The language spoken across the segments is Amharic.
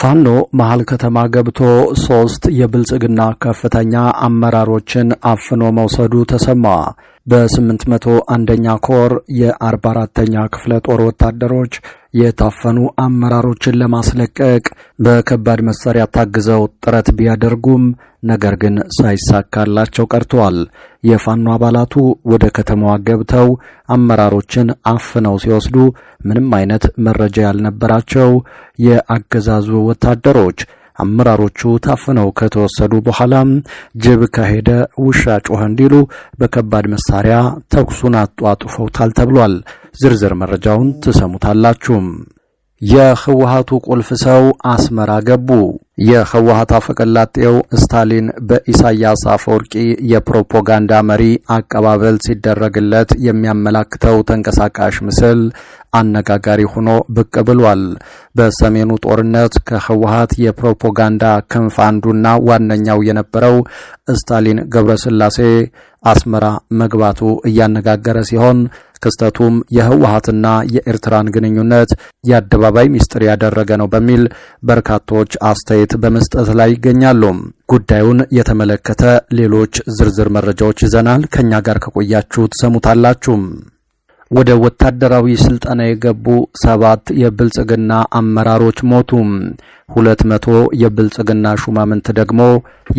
ፋኖ መሀል ከተማ ገብቶ ሶስት የብልጽግና ከፍተኛ አመራሮችን አፍኖ መውሰዱ ተሰማ። በስምንት መቶ አንደኛ ኮር የአርባ አራተኛ ክፍለ ጦር ወታደሮች የታፈኑ አመራሮችን ለማስለቀቅ በከባድ መሳሪያ ታግዘው ጥረት ቢያደርጉም ነገር ግን ሳይሳካላቸው ቀርተዋል። የፋኖ አባላቱ ወደ ከተማዋ ገብተው አመራሮችን አፍነው ሲወስዱ ምንም አይነት መረጃ ያልነበራቸው የአገዛዙ ወታደሮች አመራሮቹ ታፍነው ከተወሰዱ በኋላ ጅብ ከሄደ ውሻ ጮኸ እንዲሉ በከባድ መሳሪያ ተኩሱን አጧጡፈውታል ተብሏል። ዝርዝር መረጃውን ትሰሙታላችሁም። የህወሓቱ ቁልፍ ሰው አስመራ ገቡ። የህወሀት አፈቀላጤው ስታሊን በኢሳያስ አፈወርቂ የፕሮፓጋንዳ መሪ አቀባበል ሲደረግለት የሚያመላክተው ተንቀሳቃሽ ምስል አነጋጋሪ ሆኖ ብቅ ብሏል። በሰሜኑ ጦርነት ከህወሀት የፕሮፓጋንዳ ክንፍ አንዱና ዋነኛው የነበረው ስታሊን ገብረስላሴ አስመራ መግባቱ እያነጋገረ ሲሆን ክስተቱም የህወሀትና የኤርትራን ግንኙነት የአደባባይ ሚስጥር ያደረገ ነው በሚል በርካቶች አስተያየት በመስጠት ላይ ይገኛሉ። ጉዳዩን የተመለከተ ሌሎች ዝርዝር መረጃዎች ይዘናል። ከእኛ ጋር ከቆያችሁ ትሰሙታላችሁ። ወደ ወታደራዊ ስልጠና የገቡ ሰባት የብልጽግና አመራሮች ሞቱ። ሁለት መቶ የብልጽግና ሹማምንት ደግሞ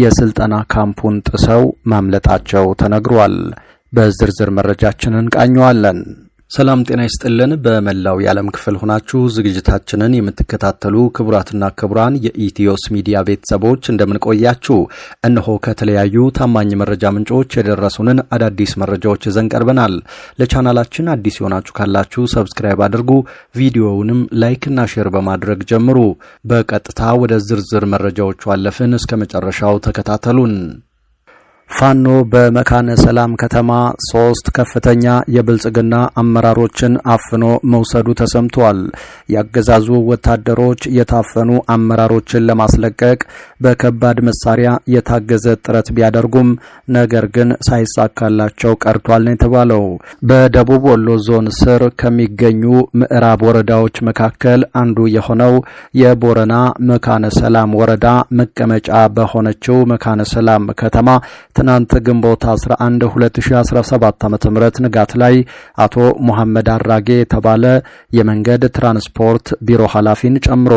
የስልጠና ካምፑን ጥሰው ማምለጣቸው ተነግሯል። በዝርዝር መረጃችንን ቃኘዋለን። ሰላም ጤና ይስጥልን። በመላው የዓለም ክፍል ሆናችሁ ዝግጅታችንን የምትከታተሉ ክቡራትና ክቡራን የኢትዮስ ሚዲያ ቤተሰቦች እንደምንቆያችሁ፣ እነሆ ከተለያዩ ታማኝ መረጃ ምንጮች የደረሱንን አዳዲስ መረጃዎች ይዘን ቀርበናል። ለቻናላችን አዲስ የሆናችሁ ካላችሁ ሰብስክራይብ አድርጉ፣ ቪዲዮውንም ላይክና ሼር በማድረግ ጀምሩ። በቀጥታ ወደ ዝርዝር መረጃዎቹ አለፍን። እስከ መጨረሻው ተከታተሉን። ፋኖ በመካነ ሰላም ከተማ ሶስት ከፍተኛ የብልጽግና አመራሮችን አፍኖ መውሰዱ ተሰምቷል። የአገዛዙ ወታደሮች የታፈኑ አመራሮችን ለማስለቀቅ በከባድ መሳሪያ የታገዘ ጥረት ቢያደርጉም ነገር ግን ሳይሳካላቸው ቀርቷል ነው የተባለው። በደቡብ ወሎ ዞን ስር ከሚገኙ ምዕራብ ወረዳዎች መካከል አንዱ የሆነው የቦረና መካነ ሰላም ወረዳ መቀመጫ በሆነችው መካነ ሰላም ከተማ ትናንት ግንቦት 11 2017 ዓ ም ንጋት ላይ አቶ ሙሐመድ አራጌ የተባለ የመንገድ ትራንስፖርት ቢሮ ኃላፊን ጨምሮ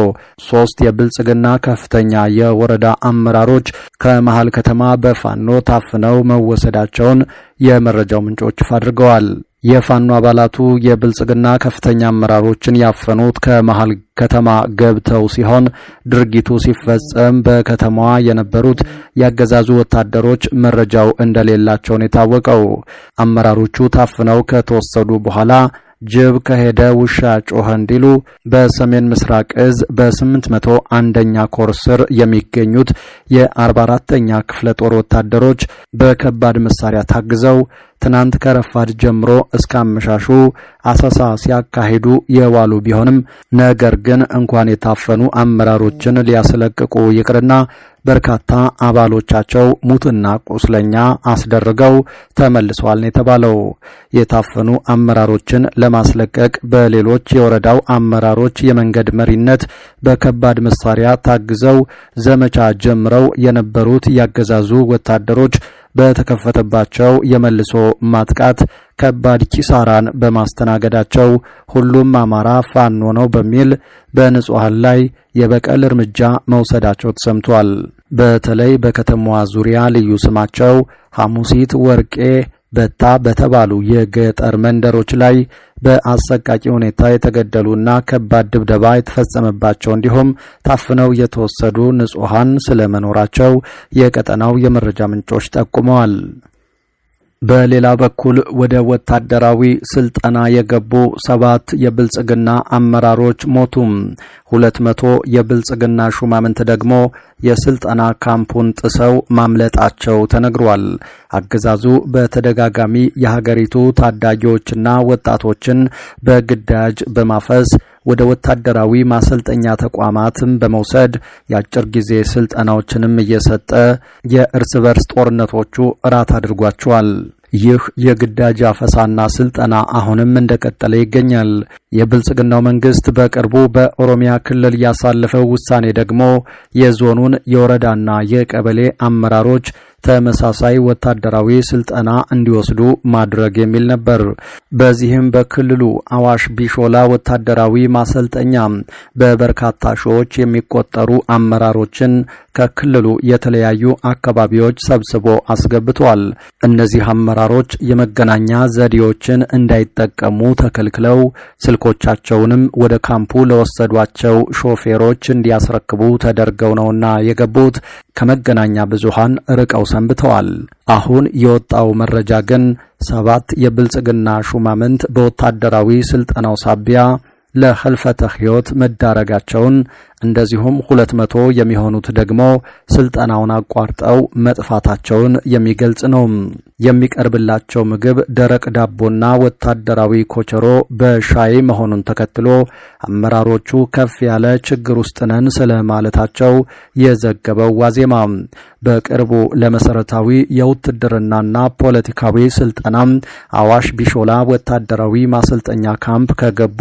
ሶስት የብልጽግና ከፍተኛ የወረዳ አመራሮች ከመሃል ከተማ በፋኖ ታፍነው መወሰዳቸውን የመረጃው ምንጮች ይፋ አድርገዋል። የፋኖ አባላቱ የብልጽግና ከፍተኛ አመራሮችን ያፈኑት ከመሃል ከተማ ገብተው ሲሆን ድርጊቱ ሲፈጸም በከተማዋ የነበሩት ያገዛዙ ወታደሮች መረጃው እንደሌላቸውን የታወቀው አመራሮቹ ታፍነው ከተወሰዱ በኋላ ጅብ ከሄደ ውሻ ጮኸ እንዲሉ በሰሜን ምስራቅ እዝ በ መቶ አንደኛ ኮር ስር የሚገኙት የ44ኛ ክፍለ ጦር ወታደሮች በከባድ መሳሪያ ታግዘው ትናንት ከረፋድ ጀምሮ እስከ አመሻሹ አሰሳ ሲያካሂዱ የዋሉ ቢሆንም ነገር ግን እንኳን የታፈኑ አመራሮችን ሊያስለቅቁ ይቅርና በርካታ አባሎቻቸው ሙትና ቁስለኛ አስደርገው ተመልሷል ነው የተባለው። የታፈኑ አመራሮችን ለማስለቀቅ በሌሎች የወረዳው አመራሮች የመንገድ መሪነት በከባድ መሳሪያ ታግዘው ዘመቻ ጀምረው የነበሩት ያገዛዙ ወታደሮች በተከፈተባቸው የመልሶ ማጥቃት ከባድ ኪሳራን በማስተናገዳቸው ሁሉም አማራ ፋኖ ነው በሚል በንጹሐን ላይ የበቀል እርምጃ መውሰዳቸው ተሰምቷል። በተለይ በከተማዋ ዙሪያ ልዩ ስማቸው ሐሙሲት ወርቄ በታ በተባሉ የገጠር መንደሮች ላይ በአሰቃቂ ሁኔታ የተገደሉና ከባድ ድብደባ የተፈጸመባቸው እንዲሁም ታፍነው የተወሰዱ ንጹሐን ስለመኖራቸው የቀጠናው የመረጃ ምንጮች ጠቁመዋል። በሌላ በኩል ወደ ወታደራዊ ስልጠና የገቡ ሰባት የብልጽግና አመራሮች ሞቱም። ሁለት መቶ የብልጽግና ሹማምንት ደግሞ የስልጠና ካምፑን ጥሰው ማምለጣቸው ተነግሯል። አገዛዙ በተደጋጋሚ የሀገሪቱ ታዳጊዎችና ወጣቶችን በግዳጅ በማፈስ ወደ ወታደራዊ ማሰልጠኛ ተቋማትም በመውሰድ የአጭር ጊዜ ስልጠናዎችንም እየሰጠ የእርስ በርስ ጦርነቶቹ እራት አድርጓቸዋል። ይህ የግዳጅ አፈሳና ስልጠና አሁንም እንደቀጠለ ይገኛል። የብልጽግናው መንግስት በቅርቡ በኦሮሚያ ክልል ያሳለፈው ውሳኔ ደግሞ የዞኑን የወረዳና የቀበሌ አመራሮች ተመሳሳይ ወታደራዊ ስልጠና እንዲወስዱ ማድረግ የሚል ነበር። በዚህም በክልሉ አዋሽ ቢሾላ ወታደራዊ ማሰልጠኛ በበርካታ ሺዎች የሚቆጠሩ አመራሮችን ከክልሉ የተለያዩ አካባቢዎች ሰብስቦ አስገብቷል። እነዚህ አመራሮች የመገናኛ ዘዴዎችን እንዳይጠቀሙ ተከልክለው ስልኮቻቸውንም ወደ ካምፑ ለወሰዷቸው ሾፌሮች እንዲያስረክቡ ተደርገው ነውና የገቡት ከመገናኛ ብዙሃን ርቀው ሰንብተዋል። አሁን የወጣው መረጃ ግን ሰባት የብልጽግና ሹማምንት በወታደራዊ ስልጠናው ሳቢያ ለህልፈተ ሕይወት መዳረጋቸውን እንደዚሁም ሁለት መቶ የሚሆኑት ደግሞ ስልጠናውን አቋርጠው መጥፋታቸውን የሚገልጽ ነው። የሚቀርብላቸው ምግብ ደረቅ ዳቦና ወታደራዊ ኮቸሮ በሻይ መሆኑን ተከትሎ አመራሮቹ ከፍ ያለ ችግር ውስጥ ነን ስለ ማለታቸው የዘገበው ዋዜማ በቅርቡ ለመሰረታዊ የውትድርናና ፖለቲካዊ ስልጠና አዋሽ ቢሾላ ወታደራዊ ማሰልጠኛ ካምፕ ከገቡ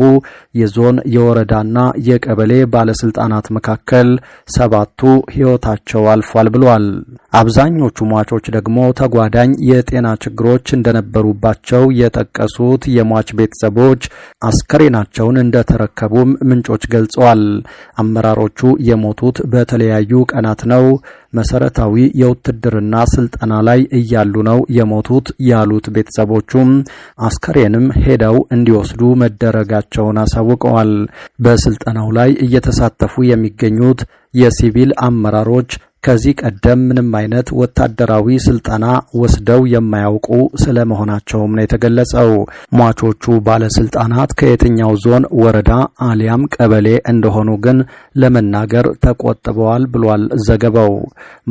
የዞን የወረዳና የቀበሌ ባለስልጣ ሕፃናት መካከል ሰባቱ ሕይወታቸው አልፏል ብሏል። አብዛኞቹ ሟቾች ደግሞ ተጓዳኝ የጤና ችግሮች እንደነበሩባቸው የጠቀሱት የሟች ቤተሰቦች አስከሬናቸውን እንደተረከቡም ምንጮች ገልጸዋል። አመራሮቹ የሞቱት በተለያዩ ቀናት ነው። መሰረታዊ የውትድርና ስልጠና ላይ እያሉ ነው የሞቱት ያሉት ቤተሰቦቹም አስከሬንም ሄደው እንዲወስዱ መደረጋቸውን አሳውቀዋል። በስልጠናው ላይ እየተሳተፉ የሚገኙት የሲቪል አመራሮች ከዚህ ቀደም ምንም አይነት ወታደራዊ ስልጠና ወስደው የማያውቁ ስለመሆናቸውም ነው የተገለጸው። ሟቾቹ ባለስልጣናት ከየትኛው ዞን፣ ወረዳ አሊያም ቀበሌ እንደሆኑ ግን ለመናገር ተቆጥበዋል ብሏል ዘገባው።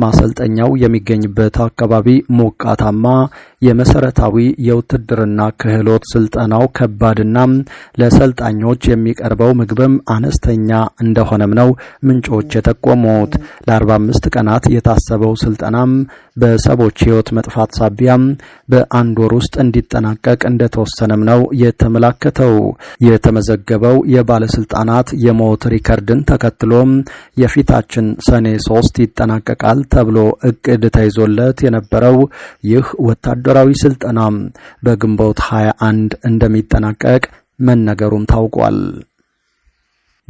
ማሰልጠኛው የሚገኝበት አካባቢ ሞቃታማ የመሰረታዊ የውትድርና ክህሎት ስልጠናው ከባድና ለሰልጣኞች የሚቀርበው ምግብም አነስተኛ እንደሆነም ነው ምንጮች የጠቆሙት። ለ45 ቀናት የታሰበው ስልጠናም በሰዎች ሕይወት መጥፋት ሳቢያም በአንድ ወር ውስጥ እንዲጠናቀቅ እንደተወሰነም ነው የተመላከተው። የተመዘገበው የባለስልጣናት የሞት ሪከርድን ተከትሎም የፊታችን ሰኔ ሶስት ይጠናቀቃል ተብሎ እቅድ ተይዞለት የነበረው ይህ ወታደ ወታደራዊ ስልጠናም በግንቦት 21 እንደሚጠናቀቅ መነገሩም ታውቋል።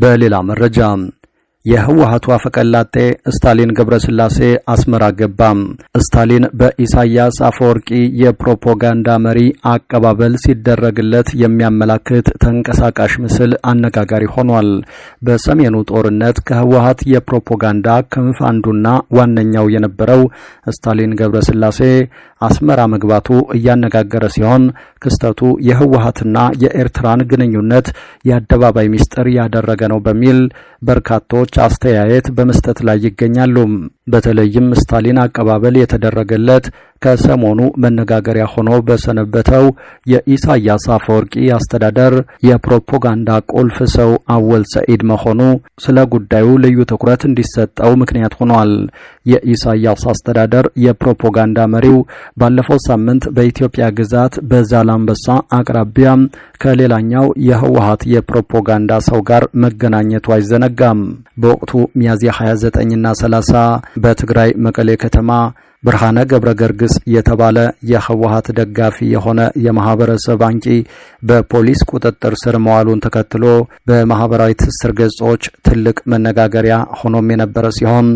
በሌላ መረጃ የህወሓቱ አፈቀላጤ ስታሊን ገብረስላሴ አስመራ ገባም። ስታሊን በኢሳያስ አፈወርቂ የፕሮፓጋንዳ መሪ አቀባበል ሲደረግለት የሚያመላክት ተንቀሳቃሽ ምስል አነጋጋሪ ሆኗል። በሰሜኑ ጦርነት ከህወሓት የፕሮፓጋንዳ ክንፍ አንዱና ዋነኛው የነበረው ስታሊን ገብረስላሴ አስመራ መግባቱ እያነጋገረ ሲሆን ክስተቱ የህወሀትና የኤርትራን ግንኙነት የአደባባይ ሚስጥር ያደረገ ነው በሚል በርካቶች አስተያየት በመስጠት ላይ ይገኛሉ። በተለይም ስታሊን አቀባበል የተደረገለት ከሰሞኑ መነጋገሪያ ሆኖ በሰነበተው የኢሳያስ አፈወርቂ አስተዳደር የፕሮፓጋንዳ ቁልፍ ሰው አወል ሰኢድ መሆኑ ስለ ጉዳዩ ልዩ ትኩረት እንዲሰጠው ምክንያት ሆኗል። የኢሳያስ አስተዳደር የፕሮፓጋንዳ መሪው ባለፈው ሳምንት በኢትዮጵያ ግዛት በዛላምበሳ አቅራቢያ ከሌላኛው የህወሀት የፕሮፓጋንዳ ሰው ጋር መገናኘቱ አይዘነጋም። በወቅቱ ሚያዝያ 29ና 30 በትግራይ መቀሌ ከተማ ብርሃነ ገብረ ገርግስ የተባለ የህወሀት ደጋፊ የሆነ የማህበረሰብ አንቂ በፖሊስ ቁጥጥር ስር መዋሉን ተከትሎ በማህበራዊ ትስስር ገጾች ትልቅ መነጋገሪያ ሆኖም የነበረ ሲሆን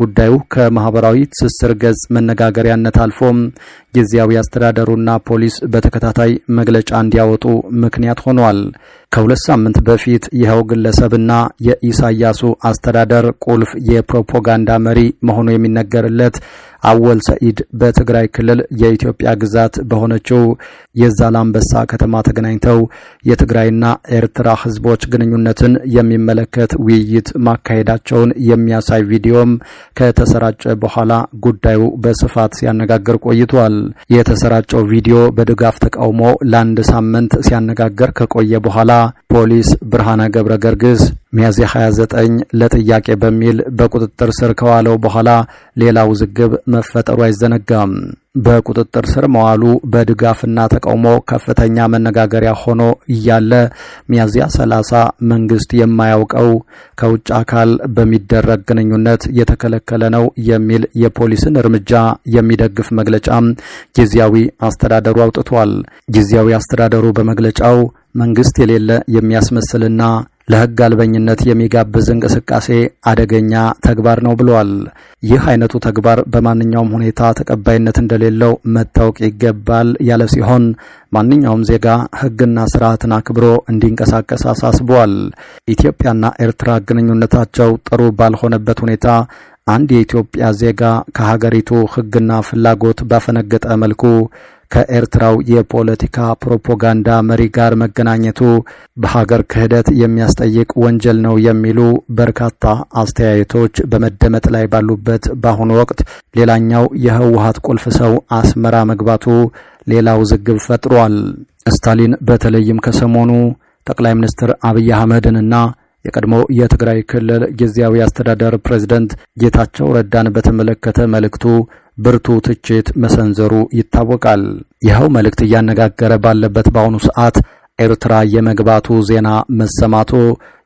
ጉዳዩ ከማህበራዊ ትስስር ገጽ መነጋገሪያነት አልፎም ጊዜያዊ አስተዳደሩና ፖሊስ በተከታታይ መግለጫ እንዲያወጡ ምክንያት ሆኗል። ከሁለት ሳምንት በፊት ይኸው ግለሰብና የኢሳያሱ አስተዳደር ቁልፍ የፕሮፓጋንዳ መሪ መሆኑ የሚነገርለት አወል ሰኢድ በትግራይ ክልል የኢትዮጵያ ግዛት በሆነችው የዛላምበሳ ከተማ ተገናኝተው የትግራይና ኤርትራ ህዝቦች ግንኙነትን የሚመለከት ውይይት ማካሄዳቸውን የሚያሳይ ቪዲዮም ከተሰራጨ በኋላ ጉዳዩ በስፋት ሲያነጋግር ቆይቷል። የተሰራጨው ቪዲዮ በድጋፍ ተቃውሞ ለአንድ ሳምንት ሲያነጋግር ከቆየ በኋላ ፖሊስ ብርሃነ ገብረ ገርግስ ሚያዝያ 29 ለጥያቄ በሚል በቁጥጥር ስር ከዋለው በኋላ ሌላ ውዝግብ መፈጠሩ አይዘነጋም። በቁጥጥር ስር መዋሉ በድጋፍና ተቃውሞ ከፍተኛ መነጋገሪያ ሆኖ እያለ ሚያዝያ 30 መንግስት የማያውቀው ከውጭ አካል በሚደረግ ግንኙነት የተከለከለ ነው የሚል የፖሊስን እርምጃ የሚደግፍ መግለጫም ጊዜያዊ አስተዳደሩ አውጥቷል። ጊዜያዊ አስተዳደሩ በመግለጫው መንግስት የሌለ የሚያስመስልና ለህግ አልበኝነት የሚጋብዝ እንቅስቃሴ አደገኛ ተግባር ነው ብለዋል። ይህ አይነቱ ተግባር በማንኛውም ሁኔታ ተቀባይነት እንደሌለው መታወቅ ይገባል ያለ ሲሆን ማንኛውም ዜጋ ሕግና ስርዓትን አክብሮ እንዲንቀሳቀስ አሳስበዋል። ኢትዮጵያና ኤርትራ ግንኙነታቸው ጥሩ ባልሆነበት ሁኔታ አንድ የኢትዮጵያ ዜጋ ከሀገሪቱ ህግና ፍላጎት ባፈነገጠ መልኩ ከኤርትራው የፖለቲካ ፕሮፓጋንዳ መሪ ጋር መገናኘቱ በሀገር ክህደት የሚያስጠይቅ ወንጀል ነው የሚሉ በርካታ አስተያየቶች በመደመጥ ላይ ባሉበት በአሁኑ ወቅት ሌላኛው የህወሀት ቁልፍ ሰው አስመራ መግባቱ ሌላው ዝግብ ፈጥሯል። ስታሊን በተለይም ከሰሞኑ ጠቅላይ ሚኒስትር አብይ አህመድንና የቀድሞ የትግራይ ክልል ጊዜያዊ አስተዳደር ፕሬዝደንት ጌታቸው ረዳን በተመለከተ መልእክቱ ብርቱ ትችት መሰንዘሩ ይታወቃል። ይኸው መልእክት እያነጋገረ ባለበት በአሁኑ ሰዓት ኤርትራ የመግባቱ ዜና መሰማቱ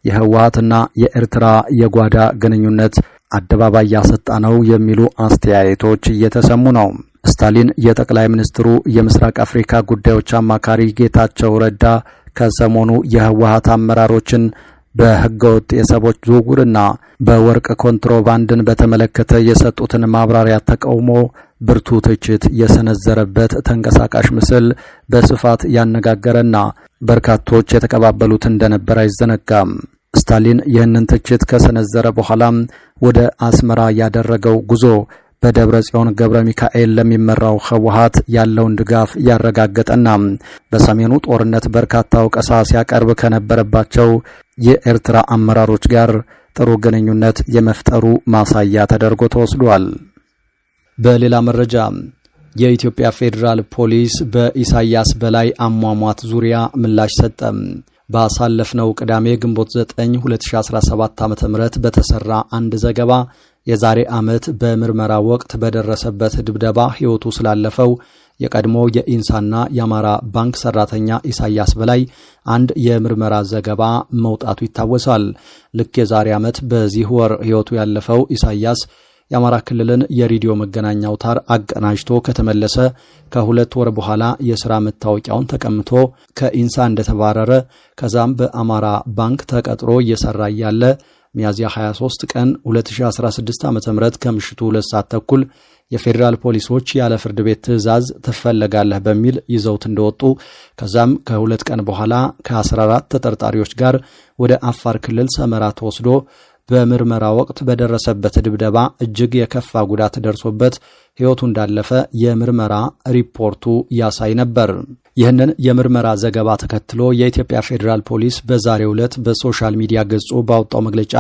የህወሀትና የኤርትራ የጓዳ ግንኙነት አደባባይ ያሰጣ ነው የሚሉ አስተያየቶች እየተሰሙ ነው። ስታሊን የጠቅላይ ሚኒስትሩ የምስራቅ አፍሪካ ጉዳዮች አማካሪ ጌታቸው ረዳ ከሰሞኑ የህወሀት አመራሮችን በህገወጥ የሰዎች ዝውውርና በወርቅ ኮንትሮባንድን በተመለከተ የሰጡትን ማብራሪያ ተቃውሞ ብርቱ ትችት የሰነዘረበት ተንቀሳቃሽ ምስል በስፋት ያነጋገረና በርካቶች የተቀባበሉት እንደነበር አይዘነጋም። ስታሊን ይህንን ትችት ከሰነዘረ በኋላም ወደ አስመራ ያደረገው ጉዞ በደብረ ጽዮን ገብረ ሚካኤል ለሚመራው ህወሀት ያለውን ድጋፍ ያረጋገጠና በሰሜኑ ጦርነት በርካታ ወቀሳ ሲያቀርብ ከነበረባቸው የኤርትራ አመራሮች ጋር ጥሩ ግንኙነት የመፍጠሩ ማሳያ ተደርጎ ተወስዷል። በሌላ መረጃ የኢትዮጵያ ፌዴራል ፖሊስ በኢሳያስ በላይ አሟሟት ዙሪያ ምላሽ ሰጠም። ባሳለፍነው ቅዳሜ ግንቦት 9 2017 ዓ ም በተሰራ አንድ ዘገባ የዛሬ ዓመት በምርመራ ወቅት በደረሰበት ድብደባ ሕይወቱ ስላለፈው የቀድሞ የኢንሳና የአማራ ባንክ ሰራተኛ ኢሳያስ በላይ አንድ የምርመራ ዘገባ መውጣቱ ይታወሳል። ልክ የዛሬ ዓመት በዚህ ወር ሕይወቱ ያለፈው ኢሳያስ የአማራ ክልልን የሬዲዮ መገናኛ አውታር አቀናጅቶ ከተመለሰ ከሁለት ወር በኋላ የሥራ መታወቂያውን ተቀምቶ ከኢንሳ እንደተባረረ ከዛም በአማራ ባንክ ተቀጥሮ እየሠራ እያለ ሚያዝያ 23 ቀን 2016 ዓ ም ከምሽቱ ሁለት ሰዓት ተኩል የፌዴራል ፖሊሶች ያለ ፍርድ ቤት ትዕዛዝ ትፈለጋለህ በሚል ይዘውት እንደወጡ ከዛም ከሁለት ቀን በኋላ ከ14 ተጠርጣሪዎች ጋር ወደ አፋር ክልል ሰመራ ተወስዶ በምርመራ ወቅት በደረሰበት ድብደባ እጅግ የከፋ ጉዳት ደርሶበት ሕይወቱ እንዳለፈ የምርመራ ሪፖርቱ ያሳይ ነበር። ይህንን የምርመራ ዘገባ ተከትሎ የኢትዮጵያ ፌዴራል ፖሊስ በዛሬው ዕለት በሶሻል ሚዲያ ገጹ ባወጣው መግለጫ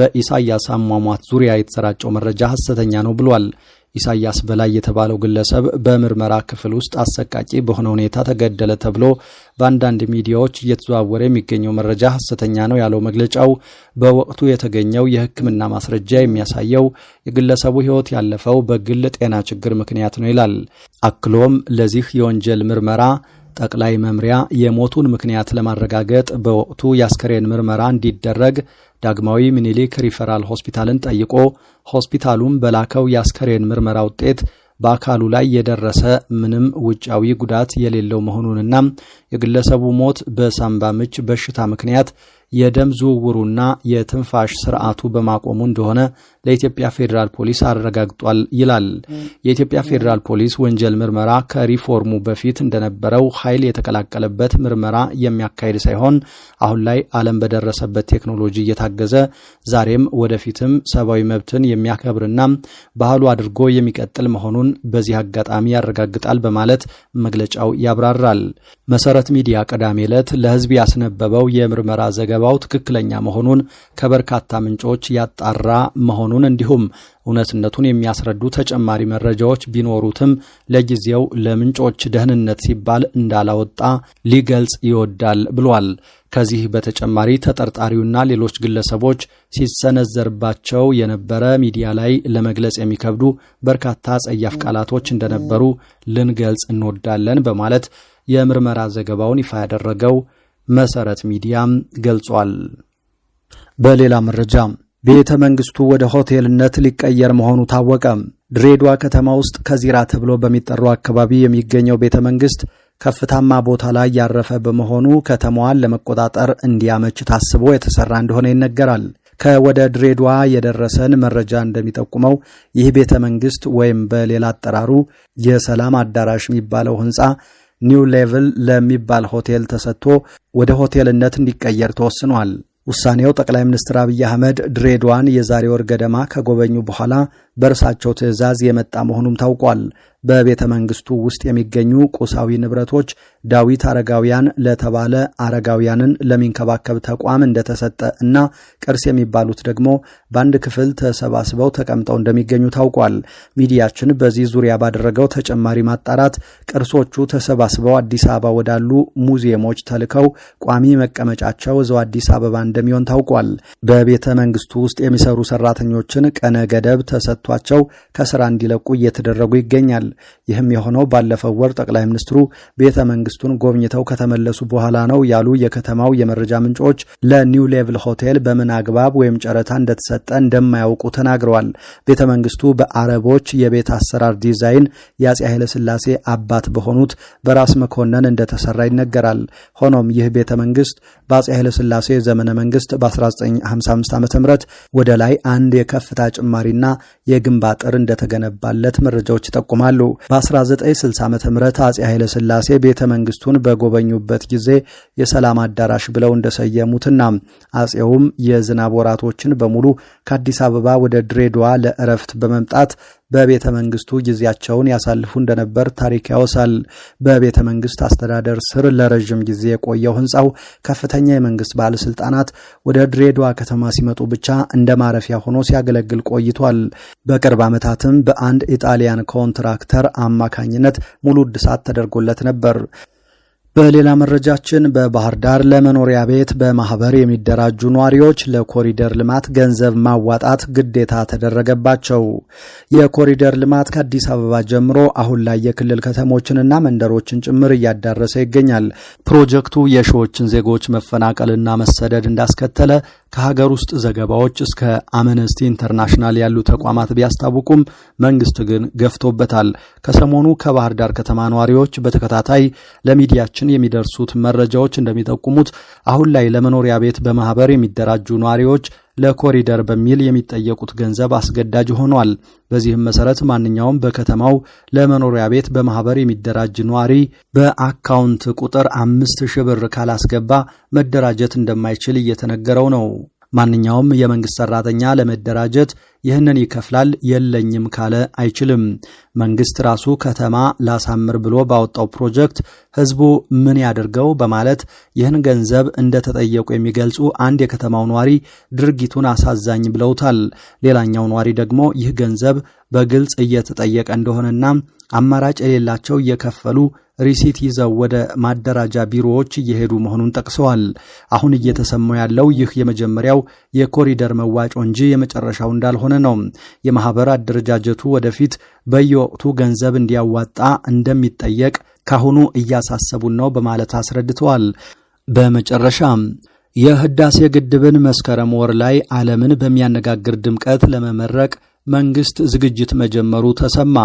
በኢሳያስ አሟሟት ዙሪያ የተሰራጨው መረጃ ሐሰተኛ ነው ብሏል። ኢሳያስ በላይ የተባለው ግለሰብ በምርመራ ክፍል ውስጥ አሰቃቂ በሆነ ሁኔታ ተገደለ ተብሎ በአንዳንድ ሚዲያዎች እየተዘዋወረ የሚገኘው መረጃ ሐሰተኛ ነው ያለው መግለጫው፣ በወቅቱ የተገኘው የሕክምና ማስረጃ የሚያሳየው የግለሰቡ ሕይወት ያለፈው በግል ጤና ችግር ምክንያት ነው ይላል። አክሎም ለዚህ የወንጀል ምርመራ ጠቅላይ መምሪያ የሞቱን ምክንያት ለማረጋገጥ በወቅቱ የአስከሬን ምርመራ እንዲደረግ ዳግማዊ ምኒልክ ሪፈራል ሆስፒታልን ጠይቆ ሆስፒታሉም በላከው የአስከሬን ምርመራ ውጤት በአካሉ ላይ የደረሰ ምንም ውጫዊ ጉዳት የሌለው መሆኑንና የግለሰቡ ሞት በሳምባ ምች በሽታ ምክንያት የደም ዝውውሩና የትንፋሽ ስርዓቱ በማቆሙ እንደሆነ ለኢትዮጵያ ፌዴራል ፖሊስ አረጋግጧል ይላል። የኢትዮጵያ ፌዴራል ፖሊስ ወንጀል ምርመራ ከሪፎርሙ በፊት እንደነበረው ኃይል የተቀላቀለበት ምርመራ የሚያካሄድ ሳይሆን አሁን ላይ ዓለም በደረሰበት ቴክኖሎጂ እየታገዘ ዛሬም ወደፊትም ሰብአዊ መብትን የሚያከብርና ባህሉ አድርጎ የሚቀጥል መሆኑን በዚህ አጋጣሚ ያረጋግጣል በማለት መግለጫው ያብራራል። መሰረት ሚዲያ ቅዳሜ ዕለት ለህዝብ ያስነበበው የምርመራ ዘገ ዘገባው ትክክለኛ መሆኑን ከበርካታ ምንጮች ያጣራ መሆኑን እንዲሁም እውነትነቱን የሚያስረዱ ተጨማሪ መረጃዎች ቢኖሩትም ለጊዜው ለምንጮች ደህንነት ሲባል እንዳላወጣ ሊገልጽ ይወዳል ብሏል። ከዚህ በተጨማሪ ተጠርጣሪውና ሌሎች ግለሰቦች ሲሰነዘርባቸው የነበረ ሚዲያ ላይ ለመግለጽ የሚከብዱ በርካታ ጸያፍ ቃላቶች እንደነበሩ ልንገልጽ እንወዳለን በማለት የምርመራ ዘገባውን ይፋ ያደረገው መሰረት ሚዲያም ገልጿል። በሌላ መረጃ ቤተ መንግስቱ ወደ ሆቴልነት ሊቀየር መሆኑ ታወቀ። ድሬዳዋ ከተማ ውስጥ ከዚራ ተብሎ በሚጠራው አካባቢ የሚገኘው ቤተ መንግስት ከፍታማ ቦታ ላይ ያረፈ በመሆኑ ከተማዋን ለመቆጣጠር እንዲያመች ታስቦ የተሰራ እንደሆነ ይነገራል። ከወደ ድሬዳዋ የደረሰን መረጃ እንደሚጠቁመው ይህ ቤተ መንግስት ወይም በሌላ አጠራሩ የሰላም አዳራሽ የሚባለው ህንፃ ኒው ሌቭል ለሚባል ሆቴል ተሰጥቶ ወደ ሆቴልነት እንዲቀየር ተወስኗል። ውሳኔው ጠቅላይ ሚኒስትር አብይ አህመድ ድሬዳዋን የዛሬ ወር ገደማ ከጎበኙ በኋላ በእርሳቸው ትዕዛዝ የመጣ መሆኑም ታውቋል። በቤተ መንግስቱ ውስጥ የሚገኙ ቁሳዊ ንብረቶች ዳዊት አረጋውያን ለተባለ አረጋውያንን ለሚንከባከብ ተቋም እንደተሰጠ እና ቅርስ የሚባሉት ደግሞ በአንድ ክፍል ተሰባስበው ተቀምጠው እንደሚገኙ ታውቋል። ሚዲያችን በዚህ ዙሪያ ባደረገው ተጨማሪ ማጣራት ቅርሶቹ ተሰባስበው አዲስ አበባ ወዳሉ ሙዚየሞች ተልከው ቋሚ መቀመጫቸው እዛው አዲስ አበባ እንደሚሆን ታውቋል። በቤተ መንግስቱ ውስጥ የሚሰሩ ሰራተኞችን ቀነ ገደብ ተሰጥቶ ተሰጥቷቸው ከስራ እንዲለቁ እየተደረጉ ይገኛል። ይህም የሆነው ባለፈው ወር ጠቅላይ ሚኒስትሩ ቤተ መንግስቱን ጎብኝተው ከተመለሱ በኋላ ነው ያሉ የከተማው የመረጃ ምንጮች ለኒው ሌቭል ሆቴል በምን አግባብ ወይም ጨረታ እንደተሰጠ እንደማያውቁ ተናግረዋል። ቤተ መንግስቱ በአረቦች የቤት አሰራር ዲዛይን የአጼ ኃይለስላሴ አባት በሆኑት በራስ መኮንን እንደተሰራ ይነገራል። ሆኖም ይህ ቤተ መንግስት በአጼ ኃይለሥላሴ ዘመነ መንግስት በ1955 ዓ ም ወደ ላይ አንድ የከፍታ ጭማሪና የግንብ አጥር እንደተገነባለት መረጃዎች ይጠቁማሉ። በ1960 ዓ ም አጼ ኃይለሥላሴ ቤተ መንግስቱን በጎበኙበት ጊዜ የሰላም አዳራሽ ብለው እንደሰየሙትና አጼውም የዝናብ ወራቶችን በሙሉ ከአዲስ አበባ ወደ ድሬዳዋ ለእረፍት በመምጣት በቤተ መንግስቱ ጊዜያቸውን ያሳልፉ እንደነበር ታሪክ ያወሳል። በቤተ መንግስት አስተዳደር ስር ለረዥም ጊዜ የቆየው ህንፃው ከፍተኛ የመንግስት ባለስልጣናት ወደ ድሬዳዋ ከተማ ሲመጡ ብቻ እንደ ማረፊያ ሆኖ ሲያገለግል ቆይቷል። በቅርብ ዓመታትም በአንድ ኢጣሊያን ኮንትራክተር አማካኝነት ሙሉ እድሳት ተደርጎለት ነበር። በሌላ መረጃችን በባህር ዳር ለመኖሪያ ቤት በማህበር የሚደራጁ ነዋሪዎች ለኮሪደር ልማት ገንዘብ ማዋጣት ግዴታ ተደረገባቸው። የኮሪደር ልማት ከአዲስ አበባ ጀምሮ አሁን ላይ የክልል ከተሞችንና መንደሮችን ጭምር እያዳረሰ ይገኛል። ፕሮጀክቱ የሺዎችን ዜጎች መፈናቀልና መሰደድ እንዳስከተለ ከሀገር ውስጥ ዘገባዎች እስከ አምነስቲ ኢንተርናሽናል ያሉ ተቋማት ቢያስታውቁም መንግስት ግን ገፍቶበታል። ከሰሞኑ ከባህር ዳር ከተማ ነዋሪዎች በተከታታይ ለሚዲያችን ሚዲያዎቻችን የሚደርሱት መረጃዎች እንደሚጠቁሙት አሁን ላይ ለመኖሪያ ቤት በማህበር የሚደራጁ ነዋሪዎች ለኮሪደር በሚል የሚጠየቁት ገንዘብ አስገዳጅ ሆኗል። በዚህም መሰረት ማንኛውም በከተማው ለመኖሪያ ቤት በማህበር የሚደራጅ ነዋሪ በአካውንት ቁጥር አምስት ሺህ ብር ካላስገባ መደራጀት እንደማይችል እየተነገረው ነው። ማንኛውም የመንግሥት ሠራተኛ ለመደራጀት ይህንን ይከፍላል የለኝም ካለ አይችልም። መንግሥት ራሱ ከተማ ላሳምር ብሎ ባወጣው ፕሮጀክት ህዝቡ ምን ያደርገው በማለት ይህን ገንዘብ እንደተጠየቁ የሚገልጹ አንድ የከተማው ነዋሪ ድርጊቱን አሳዛኝ ብለውታል። ሌላኛው ነዋሪ ደግሞ ይህ ገንዘብ በግልጽ እየተጠየቀ እንደሆነና አማራጭ የሌላቸው እየከፈሉ ሪሲት ይዘው ወደ ማደራጃ ቢሮዎች እየሄዱ መሆኑን ጠቅሰዋል። አሁን እየተሰማው ያለው ይህ የመጀመሪያው የኮሪደር መዋጮ እንጂ የመጨረሻው እንዳልሆነ ነው። የማህበር አደረጃጀቱ ወደፊት በየወቅቱ ገንዘብ እንዲያዋጣ እንደሚጠየቅ ካሁኑ እያሳሰቡን ነው በማለት አስረድተዋል። በመጨረሻም የህዳሴ ግድብን መስከረም ወር ላይ ዓለምን በሚያነጋግር ድምቀት ለመመረቅ መንግሥት ዝግጅት መጀመሩ ተሰማ።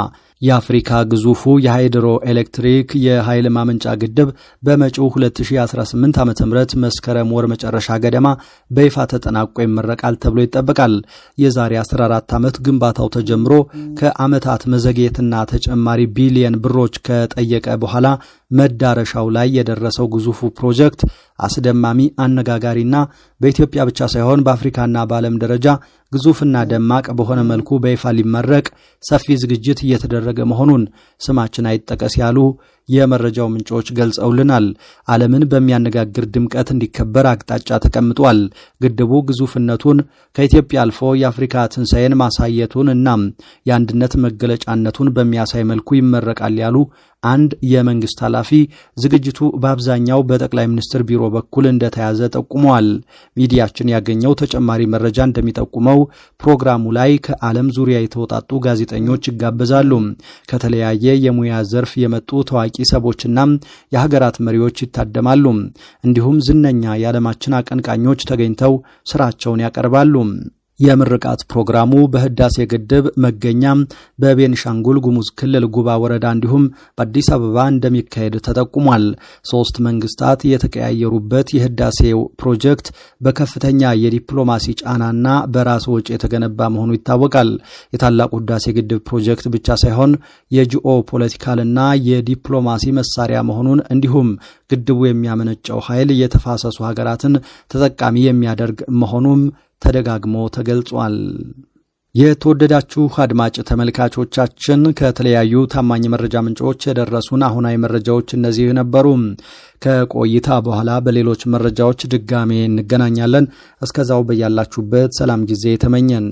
የአፍሪካ ግዙፉ የሃይድሮ ኤሌክትሪክ የኃይል ማመንጫ ግድብ በመጪው 2018 ዓ ም መስከረም ወር መጨረሻ ገደማ በይፋ ተጠናቆ ይመረቃል ተብሎ ይጠበቃል። የዛሬ 14 ዓመት ግንባታው ተጀምሮ ከዓመታት መዘግየትና ተጨማሪ ቢሊየን ብሮች ከጠየቀ በኋላ መዳረሻው ላይ የደረሰው ግዙፉ ፕሮጀክት አስደማሚ፣ አነጋጋሪና በኢትዮጵያ ብቻ ሳይሆን በአፍሪካና በዓለም ደረጃ ግዙፍና ደማቅ በሆነ መልኩ በይፋ ሊመረቅ ሰፊ ዝግጅት እየተደረገ እያደረገ መሆኑን ስማችን አይጠቀስ ያሉ የመረጃው ምንጮች ገልጸውልናል። ዓለምን በሚያነጋግር ድምቀት እንዲከበር አቅጣጫ ተቀምጧል። ግድቡ ግዙፍነቱን ከኢትዮጵያ አልፎ የአፍሪካ ትንሣኤን ማሳየቱን እናም የአንድነት መገለጫነቱን በሚያሳይ መልኩ ይመረቃል ያሉ አንድ የመንግስት ኃላፊ ዝግጅቱ በአብዛኛው በጠቅላይ ሚኒስትር ቢሮ በኩል እንደተያዘ ጠቁመዋል። ሚዲያችን ያገኘው ተጨማሪ መረጃ እንደሚጠቁመው ፕሮግራሙ ላይ ከዓለም ዙሪያ የተውጣጡ ጋዜጠኞች ይጋበዛሉ። ከተለያየ የሙያ ዘርፍ የመጡ ታዋቂ ሰቦችና የሀገራት መሪዎች ይታደማሉ። እንዲሁም ዝነኛ የዓለማችን አቀንቃኞች ተገኝተው ስራቸውን ያቀርባሉ። የምርቃት ፕሮግራሙ በህዳሴ ግድብ መገኛ በቤንሻንጉል ጉሙዝ ክልል ጉባ ወረዳ እንዲሁም በአዲስ አበባ እንደሚካሄድ ተጠቁሟል። ሶስት መንግስታት የተቀያየሩበት የህዳሴው ፕሮጀክት በከፍተኛ የዲፕሎማሲ ጫናና በራስ ወጪ የተገነባ መሆኑ ይታወቃል። የታላቁ ህዳሴ ግድብ ፕሮጀክት ብቻ ሳይሆን የጂኦ ፖለቲካልና የዲፕሎማሲ መሳሪያ መሆኑን እንዲሁም ግድቡ የሚያመነጨው ኃይል የተፋሰሱ ሀገራትን ተጠቃሚ የሚያደርግ መሆኑም ተደጋግሞ ተገልጿል። የተወደዳችሁ አድማጭ ተመልካቾቻችን ከተለያዩ ታማኝ መረጃ ምንጮች የደረሱን አሁናዊ መረጃዎች እነዚህ ነበሩ። ከቆይታ በኋላ በሌሎች መረጃዎች ድጋሜ እንገናኛለን። እስከዛው በያላችሁበት ሰላም ጊዜ ተመኘን።